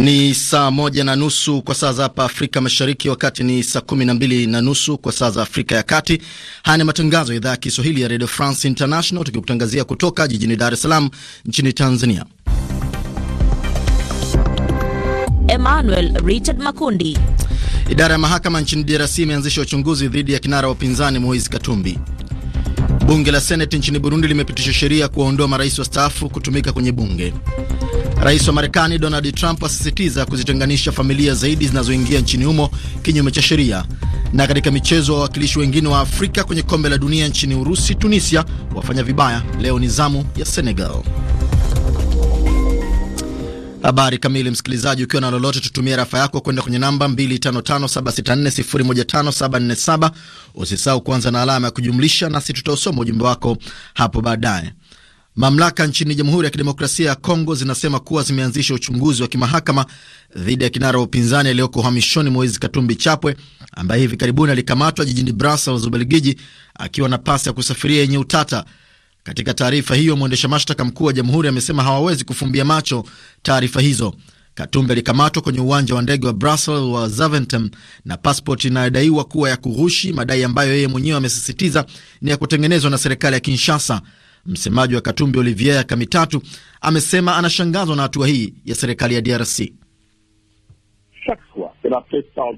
Ni saa moja na nusu kwa saa za hapa Afrika Mashariki, wakati ni saa kumi na mbili na nusu kwa saa za Afrika ya Kati. Haya ni matangazo ya idhaa ya Kiswahili ya Radio France International, tukikutangazia kutoka jijini Dar es Salaam nchini Tanzania. Emmanuel Richard Makundi. Idara ya mahakama nchini DRC imeanzisha uchunguzi dhidi ya kinara wa upinzani Moise Katumbi. Bunge la Seneti nchini Burundi limepitisha sheria kuwaondoa marais wastaafu kutumika kwenye bunge. Rais wa Marekani Donald Trump asisitiza kuzitenganisha familia zaidi zinazoingia nchini humo kinyume cha sheria. Na katika michezo, wawakilishi wengine wa Afrika kwenye kombe la dunia nchini Urusi, Tunisia wafanya vibaya. Leo ni zamu ya Senegal. Habari kamili, msikilizaji, ukiwa na lolote, tutumie rafa yako kwenda kwenye namba 255764015747. Usisahau kuanza na alama ya kujumlisha, nasi tutausoma ujumbe wako hapo baadaye. Mamlaka nchini Jamhuri ya Kidemokrasia ya Kongo zinasema kuwa zimeanzisha uchunguzi wa kimahakama dhidi ya kinara wa upinzani aliyoko uhamishoni Moizi Katumbi Chapwe, ambaye hivi karibuni alikamatwa jijini Brussels, Ubelgiji, akiwa na pasi ya kusafiria yenye utata. Katika taarifa hiyo, mwendesha mashtaka mkuu wa jamhuri amesema hawawezi kufumbia macho taarifa hizo. Katumbi alikamatwa kwenye uwanja wa ndege wa Brussels wa Zaventem na paspoti inayodaiwa kuwa ya kughushi, madai ambayo yeye mwenyewe amesisitiza ni ya kutengenezwa na serikali ya Kinshasa. Msemaji wa Katumbi Olivier Kamitatu amesema anashangazwa na hatua hii ya serikali ya DRC. Shakwa.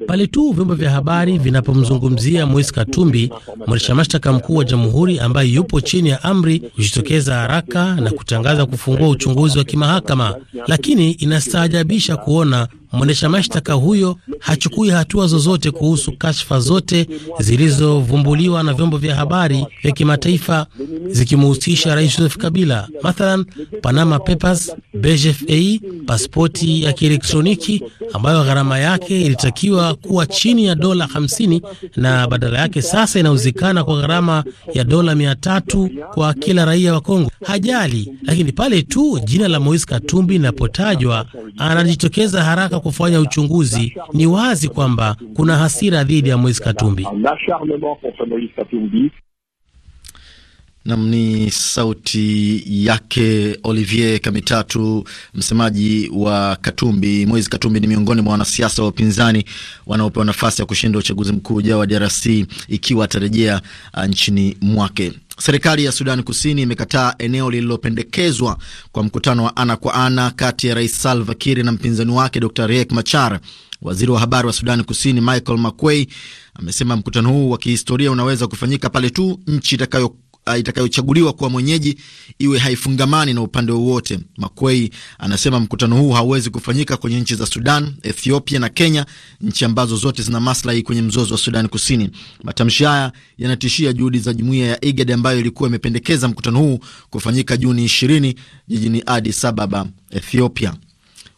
Pale tu vyombo vya habari vinapomzungumzia mois Katumbi, mwendesha mashtaka mkuu wa jamhuri ambaye yupo chini ya amri, hujitokeza haraka na kutangaza kufungua uchunguzi wa kimahakama. Lakini inastaajabisha kuona mwendesha mashtaka huyo hachukui hatua zozote kuhusu kashfa zote zilizovumbuliwa na vyombo vya habari vya kimataifa zikimhusisha Rais Joseph Kabila, mathalan Panama Papers, BGFA, pasipoti ya kielektroniki ambayo gharama yake yake ilitakiwa kuwa chini ya dola 50 na badala yake sasa inauzikana kwa gharama ya dola 300 kwa kila raia wa Kongo. Hajali, lakini pale tu jina la Moise Katumbi linapotajwa anajitokeza haraka kufanya uchunguzi. Ni wazi kwamba kuna hasira dhidi ya Moise Katumbi. Nam ni sauti yake Olivier Kamitatu, msemaji wa Katumbi. Moise Katumbi ni miongoni mwa wanasiasa wa upinzani wanaopewa nafasi ya kushinda uchaguzi mkuu ujao wa DRC ikiwa atarejea uh, nchini mwake. Serikali ya Sudan Kusini imekataa eneo lililopendekezwa kwa mkutano wa ana kwa ana kati ya Rais Salva Kiir na mpinzani wake Dr Riek Machar. Waziri wa habari wa Sudani Kusini Michael Makwei amesema mkutano huu wa kihistoria unaweza kufanyika pale tu nchi itakayo Ah, itakayochaguliwa kuwa mwenyeji iwe haifungamani na upande wowote. Makwei anasema mkutano huu hauwezi kufanyika kwenye nchi za Sudan, Ethiopia na Kenya, nchi ambazo zote zina maslahi kwenye mzozo wa Sudan Kusini. Matamshi haya yanatishia juhudi za jumuiya ya IGAD ambayo ilikuwa imependekeza mkutano huu kufanyika Juni 20 jijini Addis Ababa, Ethiopia.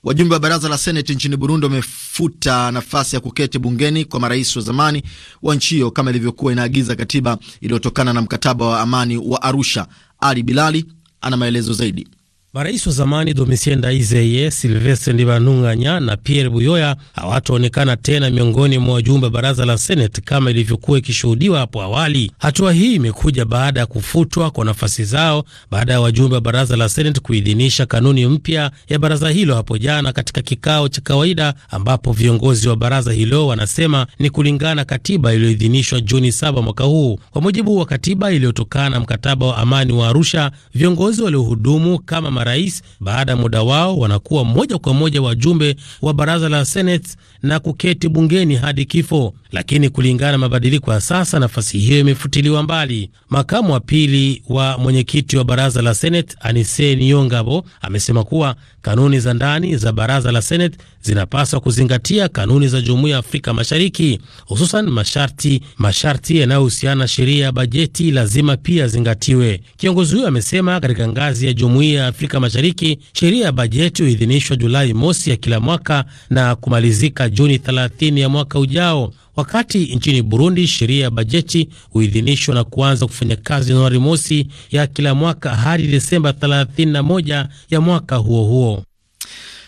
Wajumbe wa baraza la seneti nchini Burundi wamefuta nafasi ya kuketi bungeni kwa marais wa zamani wa nchi hiyo kama ilivyokuwa inaagiza katiba iliyotokana na mkataba wa amani wa Arusha. Ali Bilali ana maelezo zaidi. Marais wa zamani Domitien Daizeye, Silvestre Ndibanunganya na Pierre Buyoya hawataonekana tena miongoni mwa wajumbe wa baraza la Seneti kama ilivyokuwa ikishuhudiwa hapo awali. Hatua hii imekuja baada ya kufutwa kwa nafasi zao baada ya wajumbe wa baraza la Senate kuidhinisha kanuni mpya ya baraza hilo hapo jana katika kikao cha kawaida, ambapo viongozi wa baraza hilo wanasema ni kulingana katiba iliyoidhinishwa Juni 7 mwaka huu. Kwa mujibu wa katiba iliyotokana na mkataba wa amani wa Arusha, viongozi waliohudumu kama marais. Baada ya muda wao, wanakuwa moja kwa moja wajumbe wa baraza la Senate na kuketi bungeni hadi kifo, lakini kulingana na mabadiliko ya sasa, nafasi hiyo imefutiliwa mbali. Makamu wa pili wa mwenyekiti wa baraza la Senate Anise Niongabo amesema kuwa kanuni za ndani za baraza la Senate zinapaswa kuzingatia kanuni za Jumuiya ya Afrika Mashariki, hususan masharti masharti yanayohusiana na sheria ya bajeti lazima pia zingatiwe. Kiongozi huyo amesema katika ngazi ya Jumuiya ya Afrika Mashariki sheria ya bajeti huidhinishwa Julai mosi ya kila mwaka na kumalizika Juni 30 ya mwaka ujao. Wakati nchini Burundi sheria ya bajeti huidhinishwa na kuanza kufanya kazi Januari mosi ya kila mwaka hadi Desemba 31 ya mwaka huo huo.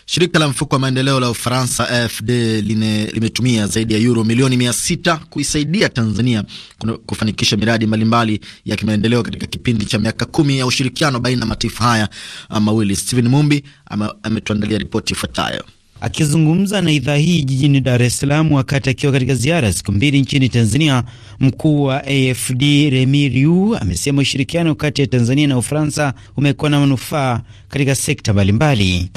Shirika la mfuko wa maendeleo la Ufaransa AFD limetumia zaidi ya euro milioni mia sita kuisaidia Tanzania kufanikisha miradi mbalimbali ya kimaendeleo katika kipindi cha miaka kumi ya ushirikiano baina ya mataifa haya mawili. Steven Mumbi ametuandalia ripoti ifuatayo. Akizungumza na idhaa hii jijini Dar es Salaam wakati akiwa katika ziara siku mbili nchini Tanzania, mkuu wa AFD Remi Riu amesema ushirikiano kati ya Tanzania na Ufaransa umekuwa na manufaa katika sekta mbalimbali.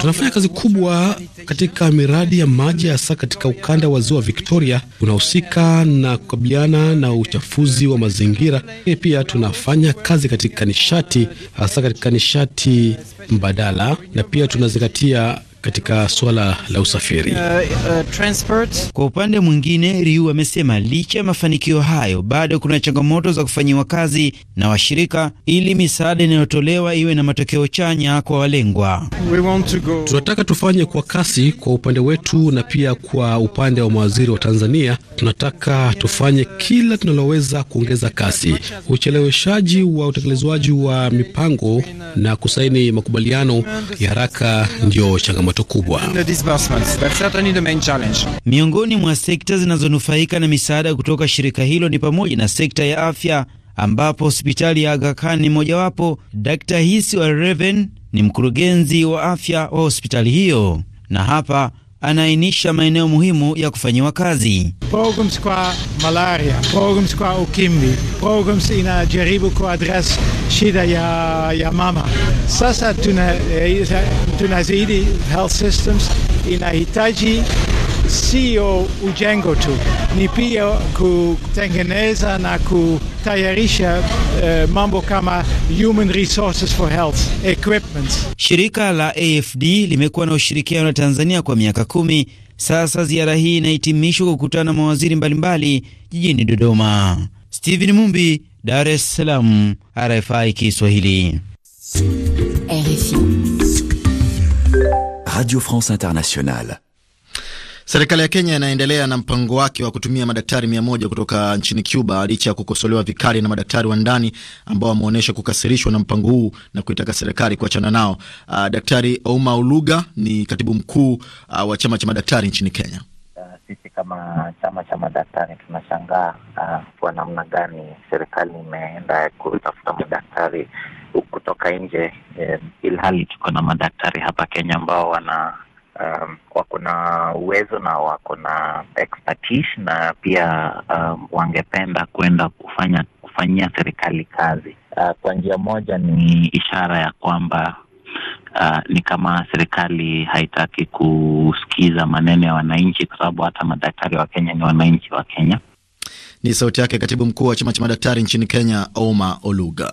Tunafanya kazi kubwa katika miradi ya maji, hasa katika ukanda wa ziwa Victoria unahusika na kukabiliana na uchafuzi wa mazingira, lakini pia tunafanya kazi katika nishati, hasa katika nishati mbadala, na pia tunazingatia katika suala la usafiri. Uh, uh, kwa upande mwingine, Riu amesema licha ya mafanikio hayo bado kuna changamoto za kufanyiwa kazi na washirika ili misaada inayotolewa iwe na matokeo chanya kwa walengwa. go... tunataka tufanye kwa kasi kwa upande wetu na pia kwa upande wa mawaziri wa Tanzania, tunataka tufanye kila tunaloweza kuongeza kasi, ucheleweshaji wa utekelezwaji wa mipango na kusaini makubaliano ya haraka ndio changamoto changamoto kubwa. Miongoni mwa sekta zinazonufaika na misaada kutoka shirika hilo ni pamoja na sekta ya afya ambapo hospitali ya Aga Khan ni mojawapo. dr Hisi wa Reven ni mkurugenzi wa afya wa hospitali hiyo, na hapa anaainisha maeneo muhimu ya kufanyiwa kazi. Programs kwa malaria, programs kwa ukimbi, programs inajaribu kuadres shida ya, ya mama. Sasa tuna, eh, tuna zaidi health systems inahitaji sio ujengo tu, ni pia kutengeneza na kutayarisha uh, mambo kama human resources for health equipment. Shirika la AFD limekuwa na ushirikiano na Tanzania kwa miaka kumi sasa. Ziara hii inahitimishwa kwa kukutana na mawaziri mbalimbali jijini Dodoma. Steven Mumbi, Dar es Salaam, RFI Kiswahili. RFI Radio France Internationale. Serikali ya Kenya inaendelea na mpango wake wa kutumia madaktari mia moja kutoka nchini Cuba licha ya kukosolewa vikali na madaktari wa ndani ambao wameonyesha kukasirishwa na mpango huu na kuitaka serikali kuachana nao. Uh, Daktari Ouma Uluga ni katibu mkuu uh, wa chama cha madaktari nchini Kenya. Ah, sisi kama chama cha madaktari tunashangaa uh, kwa namna gani serikali imeenda kutafuta madaktari kutoka nje, eh, ilhali tuko na madaktari hapa Kenya ambao wana um, wako na uwezo na wako na expertise na pia um, wangependa kwenda kufanya kufanyia serikali kazi. Uh, kwa njia moja ni ishara ya kwamba Uh, ni kama serikali haitaki kusikiza maneno ya wananchi, kwa sababu hata madaktari wa Kenya ni wananchi wa Kenya. Ni sauti yake katibu mkuu wa chama cha madaktari nchini Kenya, Oma Oluga.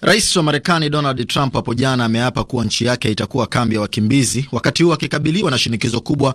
Rais wa Marekani Donald Trump hapo jana ameapa kuwa nchi yake itakuwa kambi ya wakimbizi, wakati huo akikabiliwa na shinikizo kubwa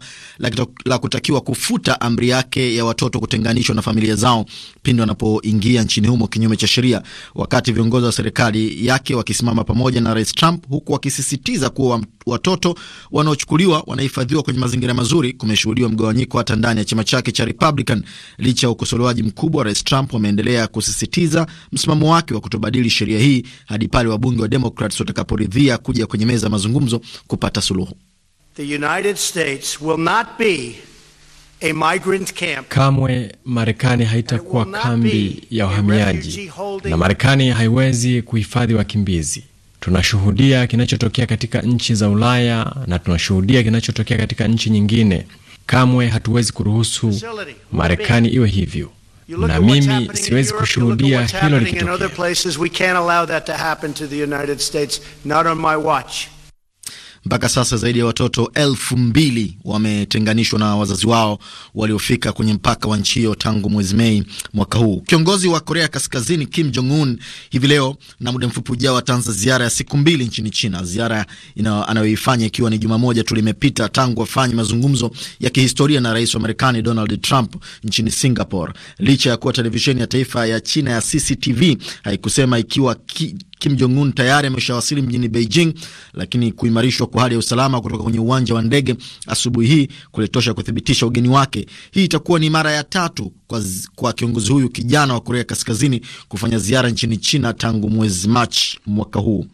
la kutakiwa kufuta amri yake ya watoto kutenganishwa na familia zao pindi wanapoingia nchini humo kinyume cha sheria, wakati viongozi wa serikali yake wakisimama pamoja na Rais Trump, huku wakisisitiza kuwa watoto wanaochukuliwa wanahifadhiwa kwenye mazingira mazuri. Kumeshuhudiwa mgawanyiko hata ndani ya chama chake cha Republican. Licha ya ukosolewaji mkubwa, Rais Trump ameendelea kusisitiza msimamo wake wa kutobadili sheria hii hadi pale wabunge wa Democrats watakaporidhia kuja kwenye meza ya mazungumzo kupata suluhu. The United States will not be a migrant camp. Kamwe Marekani haitakuwa kambi ya wahamiaji na Marekani haiwezi kuhifadhi wakimbizi. Tunashuhudia kinachotokea katika nchi za Ulaya na tunashuhudia kinachotokea katika nchi nyingine. Kamwe hatuwezi kuruhusu Marekani iwe hivyo na mimi siwezi kushuhudia hilo likitokea. Mpaka sasa zaidi ya watoto elfu mbili wametenganishwa na wazazi wao waliofika kwenye mpaka wa nchi hiyo tangu mwezi Mei mwaka huu. Kiongozi wa Korea Kaskazini Kim Jong Un hivi leo na muda mfupi ujao ataanza ziara ya siku mbili nchini China, ziara anayoifanya ikiwa ni juma moja tu limepita tangu wafanye mazungumzo ya kihistoria na rais wa Marekani Donald Trump nchini Singapore, licha ya kuwa televisheni ya taifa ya China ya CCTV haikusema ikiwa ki Kim Jong Un tayari ameshawasili mjini Beijing, lakini kuimarishwa kwa hali ya usalama kutoka kwenye uwanja wa ndege asubuhi hii kulitosha kuthibitisha ugeni wake. Hii itakuwa ni mara ya tatu kwa, kwa kiongozi huyu kijana wa Korea Kaskazini kufanya ziara nchini China tangu mwezi Machi mwaka huu.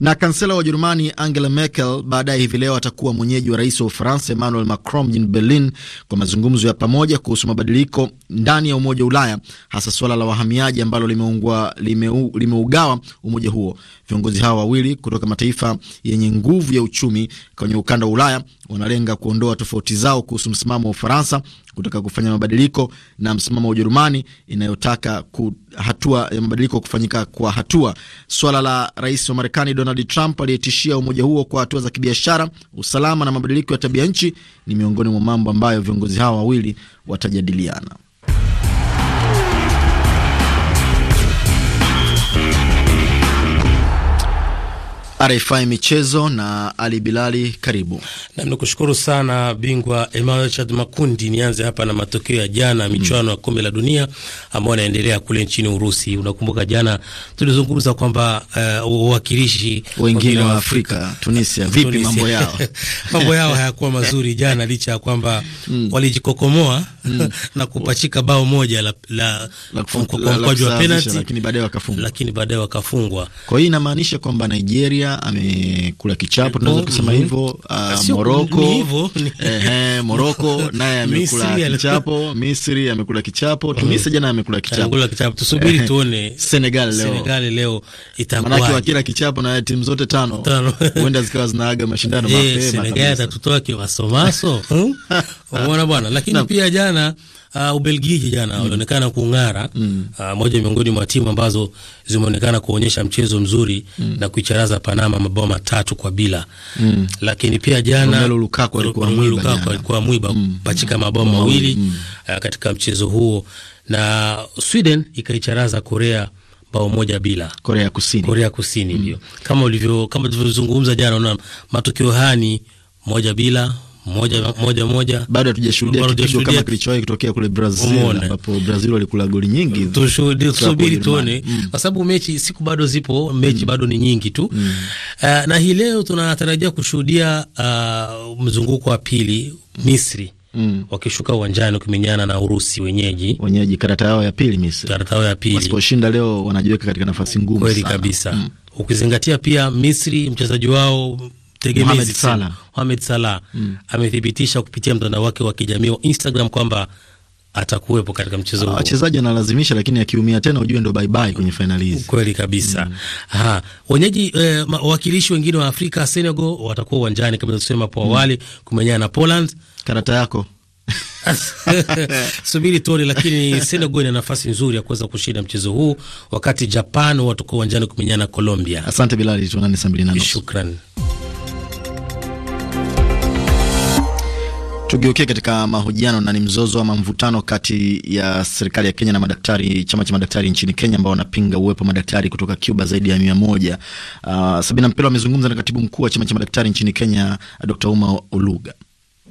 Na kansela wa Ujerumani Angela Merkel baadaye hivi leo atakuwa mwenyeji wa rais wa Ufaransa Emmanuel Macron mjini Berlin kwa mazungumzo ya pamoja kuhusu mabadiliko ndani ya Umoja wa Ulaya, hasa suala la wahamiaji ambalo limeugawa lime, lime umoja huo. Viongozi hawa wawili kutoka mataifa yenye nguvu ya uchumi kwenye ukanda wa Ulaya wanalenga kuondoa tofauti zao kuhusu msimamo wa Ufaransa kutaka kufanya mabadiliko na msimamo wa Ujerumani inayotaka ku, hatua ya mabadiliko kufanyika kwa hatua. Swala la rais wa Marekani Donald Trump aliyetishia umoja huo kwa hatua za kibiashara, usalama na mabadiliko ya tabia nchi ni miongoni mwa mambo ambayo viongozi hawa wawili watajadiliana. RFI michezo na Ali Bilali, karibu Na nikushukuru sana bingwa Emmanuel Chad Makundi. Nianze hapa na matokeo ya jana mm. michuano mm. kombe la dunia ambayo anaendelea kule nchini Urusi. Unakumbuka jana tulizungumza kwamba wawakilishi uh, wengine wa Afrika, Tunisia, vipi Tunisia, mambo yao mambo yao hayakuwa mazuri jana licha ya kwamba mm. walijikokomoa mm. na kupachika bao moja la, la, la, kwa mkwaju wa penalti, lakini baadaye wakafungwa. Kwa hiyo inamaanisha kwamba Nigeria Algeria, amekula kichapo, tunaweza mm-hmm. kusema hivyo. Moroko, ah, ah, Moroko naye amekula kichapo. Misri amekula kichapo. Mm-hmm. Tunisia jana amekula kichapo. Tusubiri tuone Senegal leo, Senegal leo itakuwa manake wakila kichapo na timu zote tano huenda zikawa zinaaga mashindano mapema. Senegal atatutoa kiwasomaso, hmm? umeona bwana, lakini pia jana uh, Ubelgiji jana mm. walionekana mm. kung'ara mm. uh, moja miongoni mwa timu ambazo zimeonekana kuonyesha mchezo mzuri mm. na kuicharaza Panama mabao matatu kwa bila mm. lakini pia jana Lukaku alikuwa mwiba mm. pachika mm. mabao mawili mm. uh, katika mchezo huo na Sweden ikaicharaza Korea bao moja bila Korea Kusini, Korea Kusini mm. kama ulivyo kama tulivyozungumza jana, unaona matokeo ni moja bila moja moja moja, bado hatujashuhudia kitu kama kilichowahi kutokea kule Brazil, ambapo Brazil walikula goli nyingi. Tushuhudie, tusubiri tuone, mm. kwa sababu mechi siku bado zipo, mechi mm. bado ni nyingi tu mm. uh, na hii leo tunatarajia kushuhudia uh, mzunguko wa pili Misri Mm. wakishuka uwanjani kumenyana na Urusi wenyeji wenyeji, karata yao ya pili Misri, karata yao ya pili. Wasiposhinda leo wanajiweka katika nafasi ngumu sana, kweli kabisa mm. ukizingatia pia Misri mchezaji wao tegemezi Mohamed Salah mm, amethibitisha kupitia mtandao wake wa kijamii wa Instagram kwamba atakuwepo katika mchezo ah, huu. Wachezaji analazimisha, lakini akiumia tena ujue ndo bye bye kwenye fainali hizi. Kweli kabisa. Mm. Ha, wenyeji eh, wawakilishi wengine wa Afrika Senegal watakuwa uwanjani kama tulisema hapo mm. awali mm, kumenyana na Poland. Karata yako. Subiri tuone, lakini Senegal ina nafasi nzuri ya kuweza kushinda mchezo huu, wakati Japan watakuwa uwanjani kumenyana na Colombia. Asante Bilali, tuonane saa mbili na nusu. Shukrani. Tugeukie katika mahojiano na ni mzozo ama mvutano kati ya serikali ya Kenya na madaktari, chama cha madaktari nchini Kenya ambao wanapinga uwepo wa madaktari kutoka Cuba zaidi ya mia moja. Uh, Sabina Mpelo amezungumza na katibu mkuu wa chama cha madaktari nchini Kenya Dr. Uma Uluga.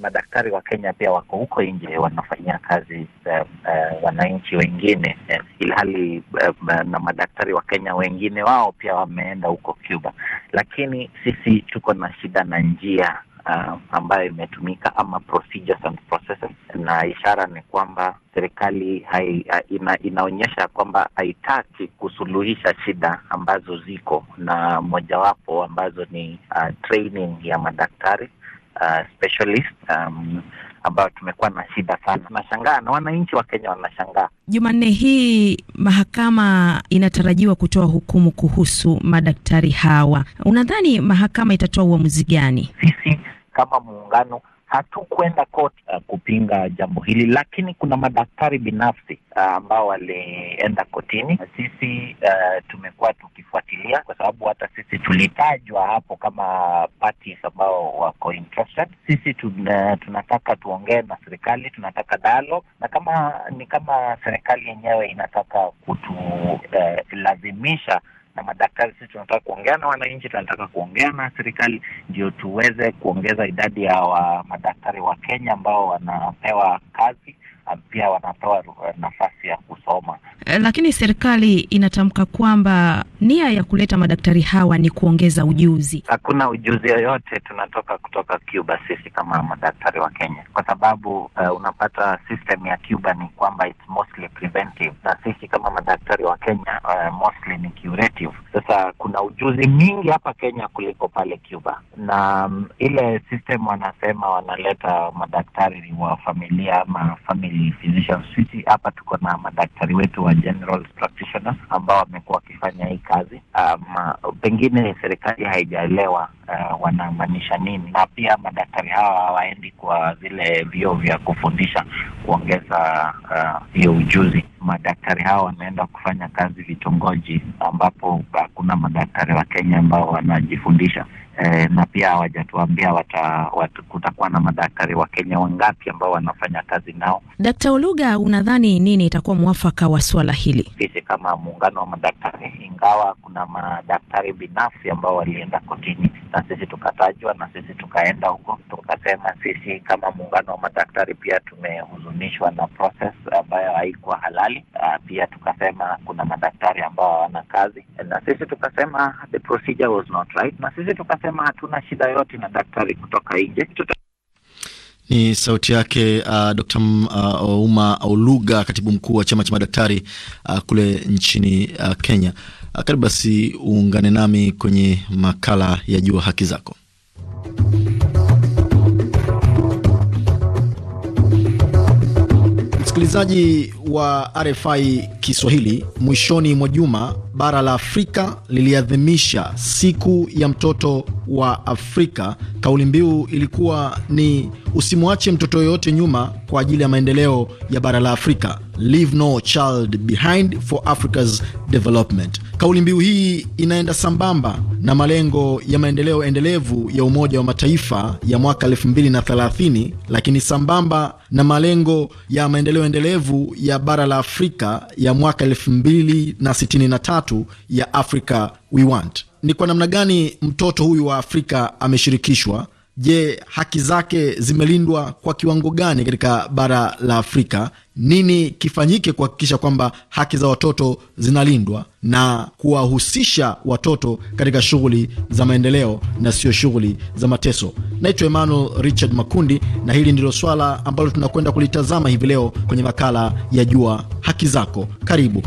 Madaktari wa Kenya pia wako huko nje wanafanyia kazi uh, uh, wananchi wengine um, ilhali uh, na madaktari wa Kenya wengine wao pia wameenda huko Cuba, lakini sisi tuko na shida na njia uh, ambayo imetumika ama procedures and processes, na ishara ni kwamba serikali hai, ina, inaonyesha kwamba haitaki kusuluhisha shida ambazo ziko, na mojawapo ambazo ni uh, training ya madaktari uh, specialist um, ambayo tumekuwa na shida sana. Nashangaa na wananchi wa Kenya wanashangaa. Jumanne hii mahakama inatarajiwa kutoa hukumu kuhusu madaktari hawa. Unadhani mahakama itatoa uamuzi gani? Sisi kama muungano hatukwenda koti uh, kupinga jambo hili, lakini kuna madaktari binafsi uh, ambao walienda kotini. Sisi uh, tumekuwa tukifuatilia, kwa sababu hata sisi tulitajwa hapo kama parties ambao wako interested. Sisi tuna, uh, tunataka tuongee na serikali, tunataka dialogue, na kama ni kama serikali yenyewe inataka kutulazimisha uh, na madaktari. Sisi tunataka kuongea na wananchi, tunataka kuongea na serikali ndio tuweze kuongeza idadi ya wa madaktari wa Kenya ambao wanapewa kazi pia wanatoa nafasi ya kusoma. Eh, lakini serikali inatamka kwamba nia ya kuleta madaktari hawa ni kuongeza ujuzi. Hakuna ujuzi yoyote tunatoka kutoka Cuba sisi kama madaktari wa Kenya, kwa sababu uh, unapata system ya Cuba ni kwamba it's mostly preventive, na sisi kama madaktari wa Kenya uh, mostly ni curative. Sasa kuna ujuzi mingi hapa Kenya kuliko pale Cuba, na um, ile system wanasema wanaleta madaktari wa familia ama familia physician Hapa tuko na madaktari wetu wa general practitioners ambao wamekuwa wakifanya hii kazi. Um, pengine serikali haijaelewa uh, wanamaanisha nini, na pia madaktari hawa hawaendi kwa vile vio vya kufundisha kuongeza uh, hiyo uh, ujuzi madaktari hawa wanaenda kufanya kazi vitongoji ambapo hakuna madaktari wa Kenya ambao wanajifundisha eh, na pia hawajatuambia kutakuwa na madaktari wa Kenya wangapi ambao wanafanya kazi nao. Dkt. Oluga, unadhani nini itakuwa mwafaka wa suala hili? Sisi kama muungano wa madaktari, ingawa kuna madaktari binafsi ambao walienda kotini na sisi tukatajwa, na sisi tukaenda huko tukasema, sisi kama muungano wa madaktari pia tumehuzunishwa na process ambayo haikuwa halali. Ah, pia tukasema kuna madaktari ambao hawana kazi, na sisi tukasema the procedure was not right, na sisi tukasema hatuna shida yote na daktari kutoka nje ni sauti yake uh, Dkt. Uh, Ouma uh, Oluga, katibu mkuu wa chama cha madaktari uh, kule nchini uh, Kenya. Uh, karibu basi uungane nami kwenye makala ya Jua Haki Zako. Msikilizaji wa RFI Kiswahili, mwishoni mwa juma bara la Afrika liliadhimisha siku ya mtoto wa Afrika. Kauli mbiu ilikuwa ni usimwache mtoto yoyote nyuma kwa ajili ya maendeleo ya bara la Afrika. Leave no child behind for Africa's development. Kauli mbiu hii inaenda sambamba na malengo ya maendeleo endelevu ya Umoja wa Mataifa ya mwaka 2030, lakini sambamba na malengo ya maendeleo endelevu ya bara la Afrika ya mwaka 2063 ya Africa We Want. Ni kwa namna gani mtoto huyu wa Afrika ameshirikishwa Je, haki zake zimelindwa kwa kiwango gani katika bara la Afrika? Nini kifanyike kuhakikisha kwamba haki za watoto zinalindwa na kuwahusisha watoto katika shughuli za maendeleo na sio shughuli za mateso? Naitwa Emmanuel Richard Makundi, na hili ndilo swala ambalo tunakwenda kulitazama hivi leo kwenye makala ya Jua Haki Zako. Karibu.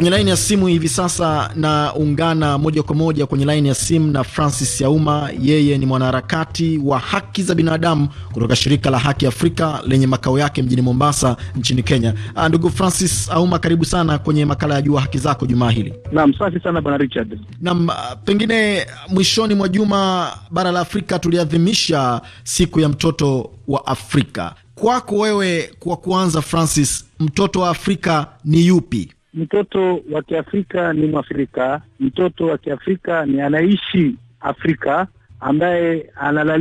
Kwenye laini ya simu hivi sasa naungana moja kwa moja kwenye laini ya simu na Francis Yauma. Yeye ni mwanaharakati wa haki za binadamu kutoka shirika la Haki Afrika lenye makao yake mjini Mombasa nchini Kenya. Ah, ndugu Francis Auma, karibu sana kwenye makala ya Jua Haki Zako jumaa hili. Naam, safi sana bwana Richard. Naam, ah, pengine mwishoni mwa juma bara la Afrika tuliadhimisha siku ya mtoto wa Afrika. Kwako wewe, kwa kuanza Francis, mtoto wa Afrika ni yupi? mtoto wa Kiafrika ni Mwafrika, mtoto wa Kiafrika ni anaishi Afrika ambaye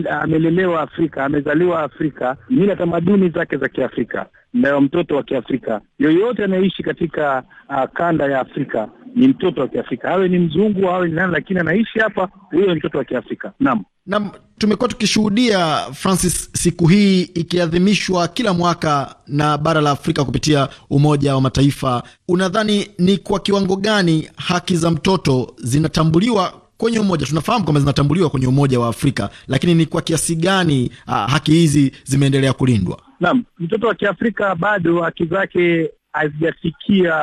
amelelewa Afrika, amezaliwa Afrika, mila tamaduni zake za Kiafrika, na mtoto wa Kiafrika yoyote anayeishi katika uh, kanda ya Afrika ni mtoto wa Kiafrika, awe ni mzungu awe ni nani, lakini anaishi hapa, huyo ni mtoto wa Kiafrika. Naam, naam. Tumekuwa tukishuhudia Francis, siku hii ikiadhimishwa kila mwaka na bara la Afrika kupitia Umoja wa Mataifa. Unadhani ni kwa kiwango gani haki za mtoto zinatambuliwa kwenye umoja tunafahamu kwamba zinatambuliwa kwenye Umoja wa Afrika, lakini ni kwa kiasi gani uh, haki hizi zimeendelea kulindwa? Naam, mtoto wa Kiafrika bado haki zake hazijafikia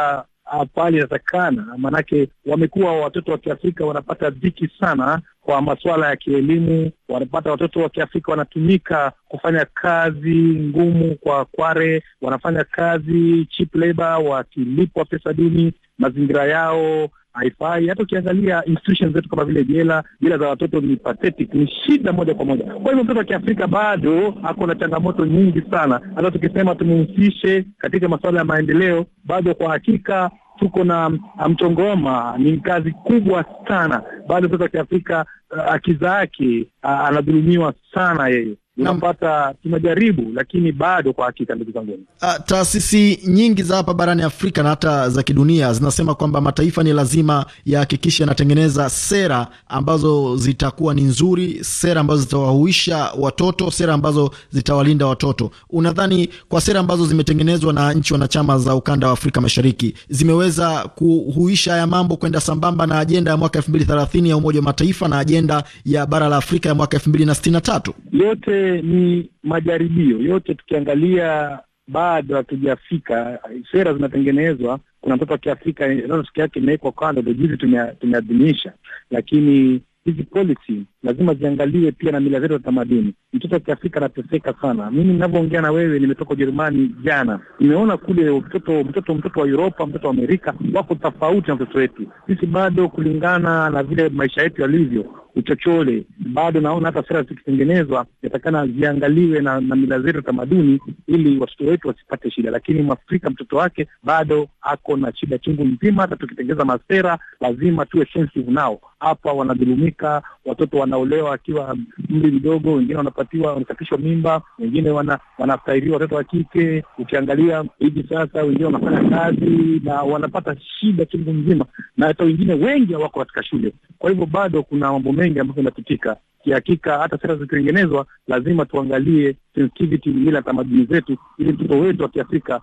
ah, pahali inatakana. Maanake wamekuwa watoto wa Kiafrika wanapata dhiki sana kwa masuala ya kielimu, wanapata watoto wa Kiafrika wanatumika kufanya kazi ngumu kwa kware, wanafanya kazi cheap labor, wakilipwa pesa duni, mazingira yao haifai. Hata ukiangalia institutions zetu kama vile jela, jela za watoto ni pathetic, ni shida moja kwa moja. Kwa hivyo mtoto wa Kiafrika bado ako na changamoto nyingi sana, hata tukisema tumehusishe katika masuala ya maendeleo, bado kwa hakika tuko na um, mchongoma, ni kazi kubwa sana. Bado mtoto wa Kiafrika Uh, haki zake, uh, anadhulumiwa sana yeye unapata tunajaribu, lakini bado kwa hakika, ndugu zangu, ah, taasisi nyingi za hapa barani Afrika na hata za kidunia zinasema kwamba mataifa ni lazima yahakikishe yanatengeneza sera ambazo zitakuwa ni nzuri, sera ambazo zitawahuisha watoto, sera ambazo zitawalinda watoto. Unadhani kwa sera ambazo zimetengenezwa na nchi wanachama za ukanda wa Afrika Mashariki zimeweza kuhuisha haya mambo kwenda sambamba na ajenda ya mwaka elfu mbili thelathini ya Umoja wa Mataifa na ajenda ajenda ya bara la Afrika ya mwaka elfu mbili na sitini na tatu. Yote ni majaribio, yote tukiangalia bado hatujafika. Sera zinatengenezwa, kuna mtoto wa Kiafrika siku yake imewekwa kando, ndo juzi tumeadhimisha, lakini hizi policy lazima ziangaliwe pia na mila zetu za tamaduni. Mtoto wa Kiafrika anateseka sana. Mimi ninavyoongea na wewe, nimetoka Ujerumani jana, nimeona kule mtoto mtoto mtoto wa Uropa, mtoto wa Amerika wako tofauti na mtoto wetu sisi. Bado kulingana na vile maisha yetu yalivyo, uchochole bado naona hata sera zikitengenezwa inatakana ziangaliwe na, na mila zetu tamaduni, ili watoto wetu wasipate shida. Lakini Mwafrika mtoto wake bado ako na shida chungu mzima. Hata tukitengeza masera lazima tuwe sensitive nao. Hapa wanadhulumika watoto wana wanaolewa akiwa umri mdogo, wengine wanapatiwa wanasafishwa mimba, wengine wana wanastahiriwa watoto wa kike. Ukiangalia hivi sasa, wengine wanafanya kazi na wanapata shida chungu mzima, na hata wengine wengi hawako katika shule. Kwa hivyo bado kuna mambo mengi ambayo yanapitika kihakika, hata sera zikitengenezwa, lazima tuangalie sensitivity, mila, tamaduni zetu, ili mtoto wetu wa Kiafrika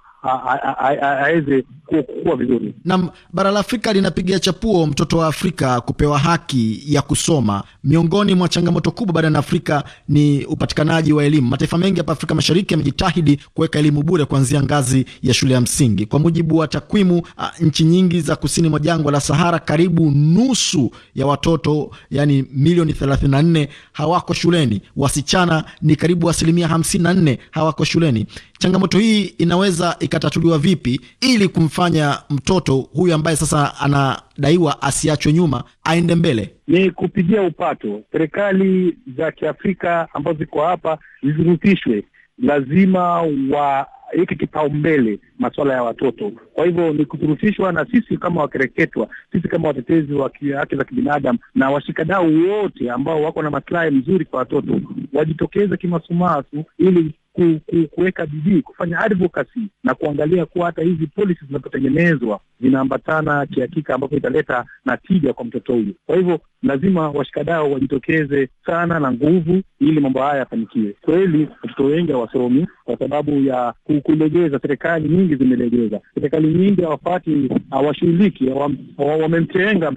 aweze kukua vizuri. Na bara la Afrika linapiga chapuo mtoto wa Afrika kupewa haki ya kusoma. Miongoni mwa changamoto kubwa barani Afrika ni upatikanaji wa elimu. Mataifa mengi hapa Afrika Mashariki yamejitahidi kuweka elimu bure kuanzia ngazi ya shule ya msingi. Kwa mujibu wa takwimu, nchi nyingi za kusini mwa jangwa la Sahara, karibu nusu ya watoto, yani milioni 34 hawako shuleni. Wasichana ni karibu asilimia 54 hawako shuleni. Changamoto hii inaweza ikatatuliwa vipi ili kumfanya mtoto huyu ambaye sasa anadaiwa asiachwe nyuma aende mbele? Ni kupigia upato. Serikali za Kiafrika ambazo ziko hapa zishurutishwe, lazima wa hiki kipaumbele masuala ya watoto. Kwa hivyo ni kuturufishwa na sisi kama wakereketwa, sisi kama watetezi wa haki za kibinadamu na washikadau wote ambao wako na maslahi mzuri kwa watoto wajitokeze kimasumasu ili ku, ku, kuweka bidii kufanya advocacy na kuangalia kuwa hata hizi policies zinapotengenezwa zinaambatana kihakika, ambapo italeta na tija kwa mtoto huyu. Kwa hivyo lazima washikadao wajitokeze sana na nguvu, ili mambo haya yafanikiwe. Kweli watoto wengi hawasomi kwa sababu ya kulegeza. Serikali nyingi zimelegeza, serikali nyingi hawafati, hawashughuliki, wamemtenga,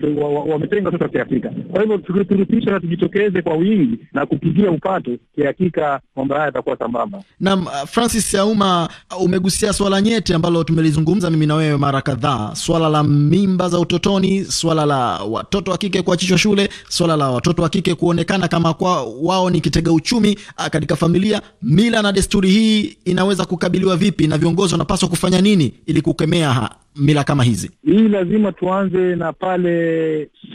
wametenga mtoto wa Kiafrika. Kwa hivyo tukiturudisha na tujitokeze kwa wingi na kupigia upato, kihakika mambo haya yatakuwa sambamba. Naam, uh, Francis Auma, uh, umegusia swala nyeti ambalo tumelizungumza mimi na wewe mara kadhaa, swala la mimba za utotoni, swala la watoto wa kike kuachishwa shule, swala la watoto wa kike kuonekana kama kwa wao ni kitega uchumi uh, katika familia. Mila na desturi hii inaweza kukabiliwa vipi, na viongozi wanapaswa kufanya nini ili kukemea ha mila kama hizi? Hii lazima tuanze na pale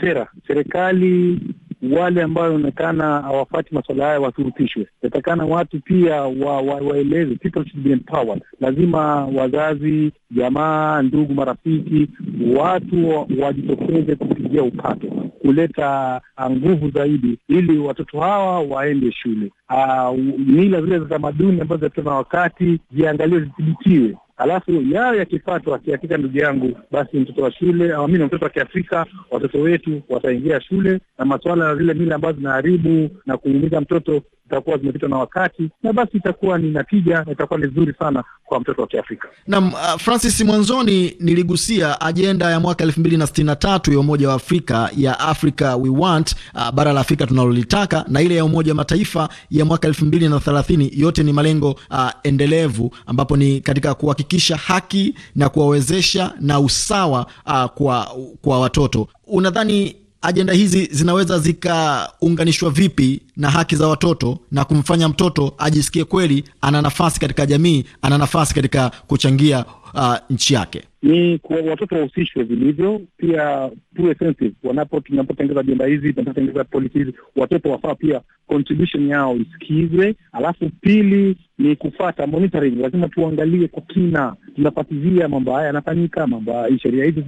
sera, serikali wale ambao wanaonekana hawafati masuala haya washurutishwe. Inatakana watu pia waeleze, people should be empowered. Lazima wazazi, jamaa, ndugu, marafiki, watu wajitokeze kupigia upato, kuleta ah, nguvu zaidi, ili watoto hawa waende shule. Ah, mila zile za tamaduni ambazo zinapitwa na wakati ziangaliwe, zithibitiwe alafu yao yakipatwa kihakika ndugu yangu, basi mtoto wa shule au mimi mtoto wa Kiafrika, watoto wetu wataingia shule, na masuala ya zile mila ambazo zinaharibu na kuumiza mtoto zitakuwa zimepitwa na wakati, na basi itakuwa ni natija na itakuwa ni nzuri sana kwa mtoto wa Kiafrika. Naam, uh, Francis, mwanzoni niligusia ajenda ya mwaka elfu mbili na sitini na tatu ya Umoja wa Afrika ya Africa We Want, uh, bara la Afrika tunalolitaka, na ile ya Umoja wa Mataifa ya mwaka elfu mbili na thelathini yote ni malengo uh, endelevu ambapo ni katika kuhakikisha haki na kuwawezesha na usawa uh, kwa, kwa watoto. Unadhani ajenda hizi zinaweza zikaunganishwa vipi na haki za watoto na kumfanya mtoto ajisikie kweli ana nafasi katika jamii, ana nafasi katika kuchangia uh, nchi yake? Ni kwa watoto wahusishwe vilivyo, pia tuwe sensitive wanapo, tunapotengeza ajenda hizi, tunapotengeza polisi hizi, watoto wafaa pia contribution yao isikizwe. Alafu pili ni kufata monitoring, lazima tuangalie kwa kina, tunafatilia mambo haya yanafanyika, mambo sheria hizi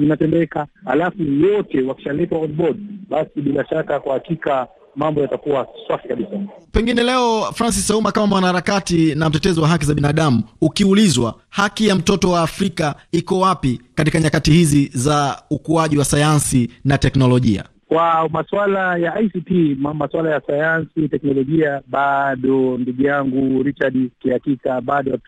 zinatendeka, alafu wote wakishaletwa on board, basi bila shaka kwa hakika mambo yatakuwa safi kabisa. Pengine leo, Francis Auma, kama mwanaharakati na mtetezi wa haki za binadamu, ukiulizwa haki ya mtoto wa Afrika iko wapi katika nyakati hizi za ukuaji wa sayansi na teknolojia, kwa masuala ya ICT, masuala ya sayansi, teknolojia, bado ndugu yangu Richard, kihakika bado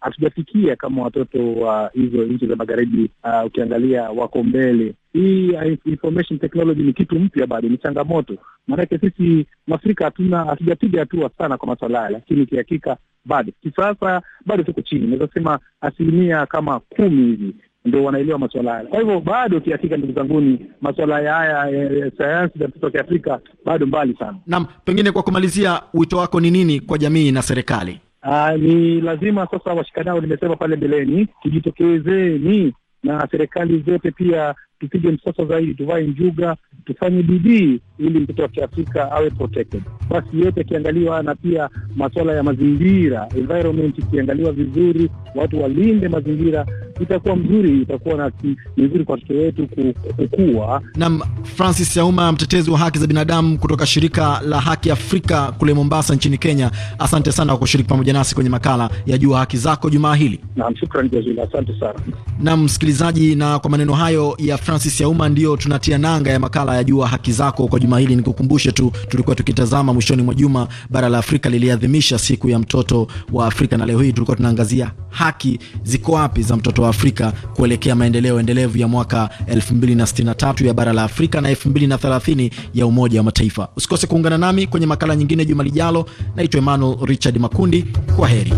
hatujafikia kama watoto wa uh, hizo nchi za magharibi uh, ukiangalia wako mbele. Hii information technology ni kitu mpya, bado ni changamoto, maanake sisi Mwafrika hatuna hatujapiga hatua sana kwa masuala haya, lakini kihakika bado kisasa, bado tuko chini, naweza sema asilimia kama kumi hivi ndio wanaelewa masuala haya. Kwa hivyo bado kiafrika, ndugu zanguni, masuala haya ya sayansi za mtoto wa kiafrika bado mbali sana. Naam, pengine kwa kumalizia, wito wako ni nini kwa jamii na serikali? Aa, ah, ni lazima sasa washikanao, nimesema pale mbeleni, tujitokezeni na serikali zote pia tupige msoso zaidi, tuvae njuga, tufanye bidii ili mtoto wa kiafrika awe protected. Basi yote akiangaliwa, na pia masuala ya mazingira environment ikiangaliwa vizuri, watu walinde mazingira, itakuwa mzuri, itakuwa na vizuri kwa watoto wetu kukua. Nam Francis Yauma, mtetezi wa haki za binadamu kutoka shirika la Haki Afrika kule Mombasa nchini Kenya, asante sana kwa kushiriki pamoja nasi kwenye makala ya Jua Haki Zako jumaa hili. Nam shukran jazila, asante sana. Nam msikilizaji, na kwa maneno hayo ya Francis Yauma, ndio tunatia nanga ya makala ya Jua Haki Zako kwa juma hili. Nikukumbushe tu tulikuwa tukitazama mwishoni mwa juma, bara la Afrika liliadhimisha siku ya mtoto wa Afrika, na leo hii tulikuwa tunaangazia haki ziko wapi za mtoto wa Afrika kuelekea maendeleo endelevu ya mwaka 2063 ya bara la Afrika na 2030 ya Umoja wa Mataifa. Usikose kuungana nami kwenye makala nyingine juma lijalo. Naitwa Emmanuel Richard Makundi, kwa heri.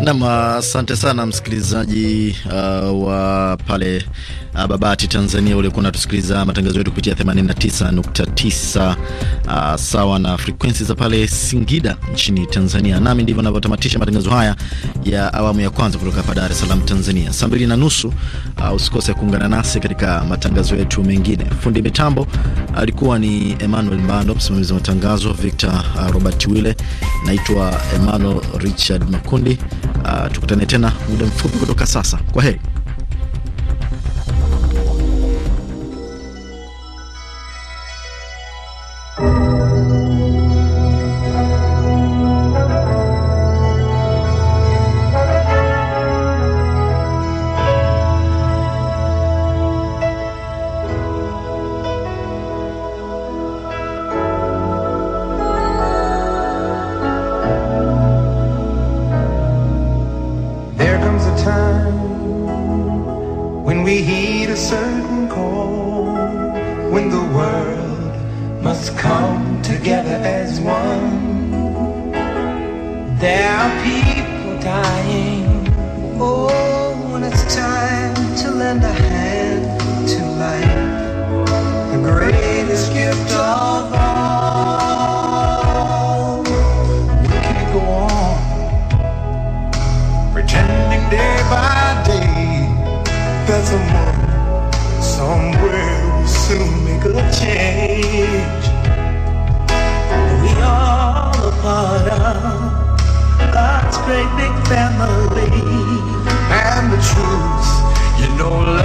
Nam, asante sana msikilizaji uh, wa pale uh, ah, Babati Tanzania, uliokuwa unatusikiliza matangazo yetu kupitia 89.9 uh, ah, sawa na frekwensi za pale Singida nchini Tanzania. Nami ndivyo navyotamatisha matangazo haya ya awamu ya kwanza kutoka hapa Dar es Salaam Tanzania. Saa mbili na nusu uh, usikose kuungana nasi katika matangazo yetu mengine. Fundi mitambo alikuwa ni Emmanuel Mbando, msimamizi wa matangazo Victor uh, Robert Wile. Naitwa Emmanuel Richard Makundi. Uh, tukutane tena muda mfupi kutoka sasa. Kwa heri. together as one. There are people. great big family. And the truth, you know.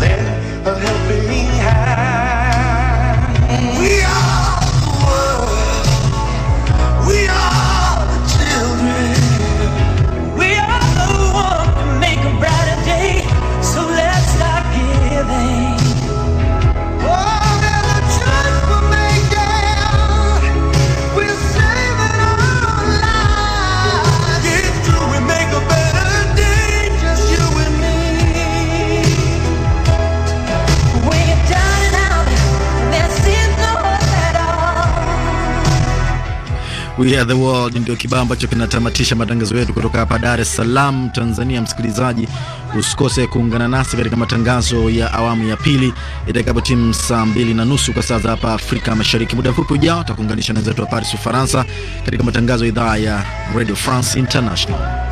lend a helping hand. We are. We Are The World ndio kibao ambacho kinatamatisha matangazo yetu kutoka hapa Dar es Salaam, Tanzania. Msikilizaji, usikose kuungana nasi katika matangazo ya awamu ya pili itakapo timu saa mbili na nusu kwa saa za hapa Afrika Mashariki. Muda mfupi ujao takuunganisha na wenzetu wa Paris, Ufaransa, katika matangazo ya idhaa ya Radio France International.